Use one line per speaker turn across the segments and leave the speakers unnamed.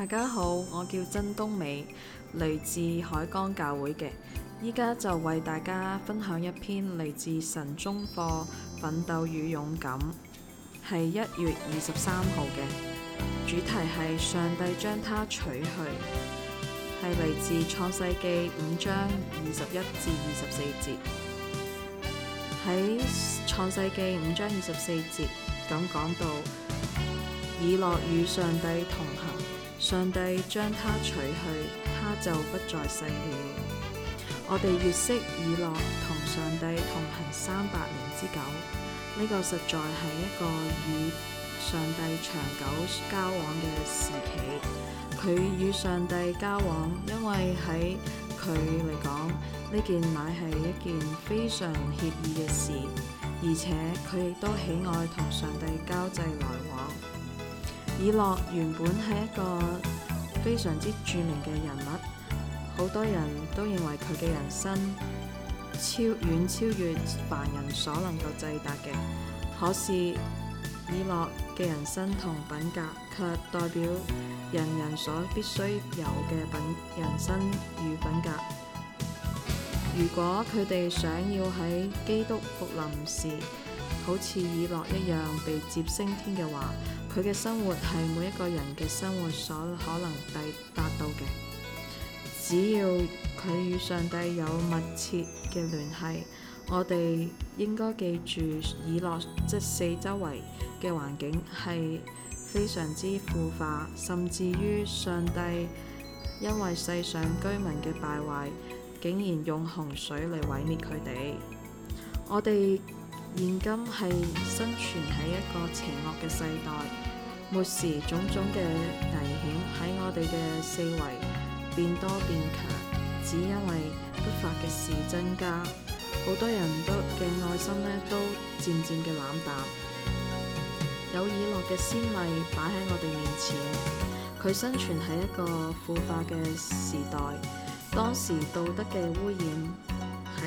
大家好，我叫曾東美，嚟自海江教會嘅，依家就為大家分享一篇嚟自神中課《奮鬥與勇敢》，係一月二十三號嘅，主題係上帝將他取去，係嚟自創世紀五章二十一至二十四節，喺創世紀五章二十四節咁講到，以諾與上帝同行。上帝將他取去，他就不再世了。我哋月色以諾，同上帝同行三百年之久，呢、這個實在係一個與上帝長久交往嘅時期。佢與上帝交往，因為喺佢嚟講，呢件乃係一件非常愜意嘅事，而且佢亦都喜愛同上帝交際來往。以諾原本係一個非常之著名嘅人物，好多人都認為佢嘅人生超遠超越凡人所能夠抵達嘅。可是，以諾嘅人生同品格卻代表人人所必須有嘅品人生與品格。如果佢哋想要喺基督復臨時，好似以諾一樣被接升天嘅話，佢嘅生活係每一個人嘅生活所可能達到嘅，只要佢與上帝有密切嘅聯繫。我哋應該記住以諾，即四周圍嘅環境係非常之腐化，甚至於上帝因為世上居民嘅敗壞，竟然用洪水嚟毀滅佢哋。我哋現今係生存喺一個邪惡嘅世代，末時種種嘅危險喺我哋嘅四圍變多變強，只因為不法嘅事增加，好多人都嘅內心呢都漸漸嘅冷淡。有以往嘅先例擺喺我哋面前，佢生存喺一個腐化嘅時代，當時道德嘅污染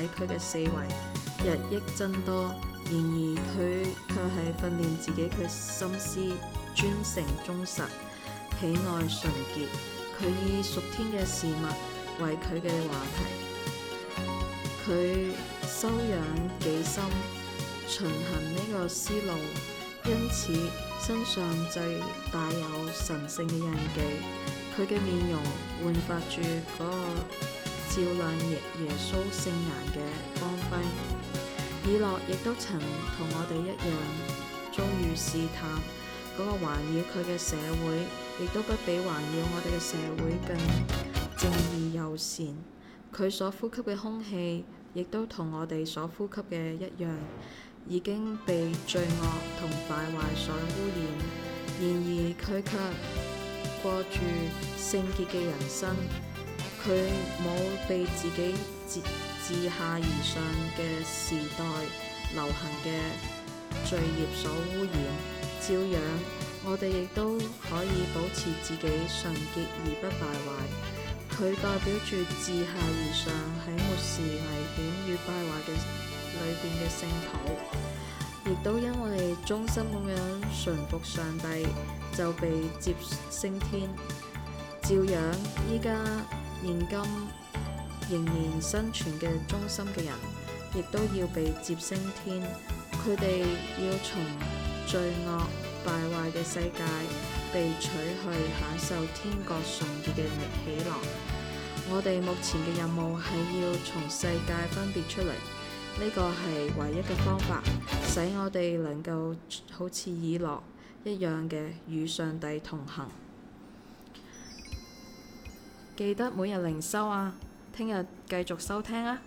喺佢嘅四圍。日益增多，然而佢卻係訓練自己嘅心思專誠忠實，喜愛純潔。佢以屬天嘅事物為佢嘅話題，佢修養己心，循行呢個思路，因此身上就帶有神聖嘅印記。佢嘅面容煥發住嗰個照亮耶耶穌聖顏嘅光輝。以諾亦都曾同我哋一樣遭遇試探，嗰、那個環繞佢嘅社會亦都不比環繞我哋嘅社會更正義友善。佢所呼吸嘅空氣亦都同我哋所呼吸嘅一樣，已經被罪惡同敗壞所污染。然而佢卻過住聖潔嘅人生，佢冇被自己自自下而上嘅時代流行嘅罪孽所污染，照樣我哋亦都可以保持自己純潔而不敗壞。佢代表住自下而上喺末時危險與敗壞嘅裏邊嘅聖土，亦都因為終身咁樣順服上帝，就被接升天。照樣依家現，現今。仍然生存嘅忠心嘅人，亦都要被接升天。佢哋要從罪惡敗壞嘅世界被取去，享受天國純潔嘅喜樂。我哋目前嘅任務係要從世界分別出嚟，呢、這個係唯一嘅方法，使我哋能夠好似以諾一樣嘅與上帝同行。記得每日靈修啊！聽日繼續收聽啊！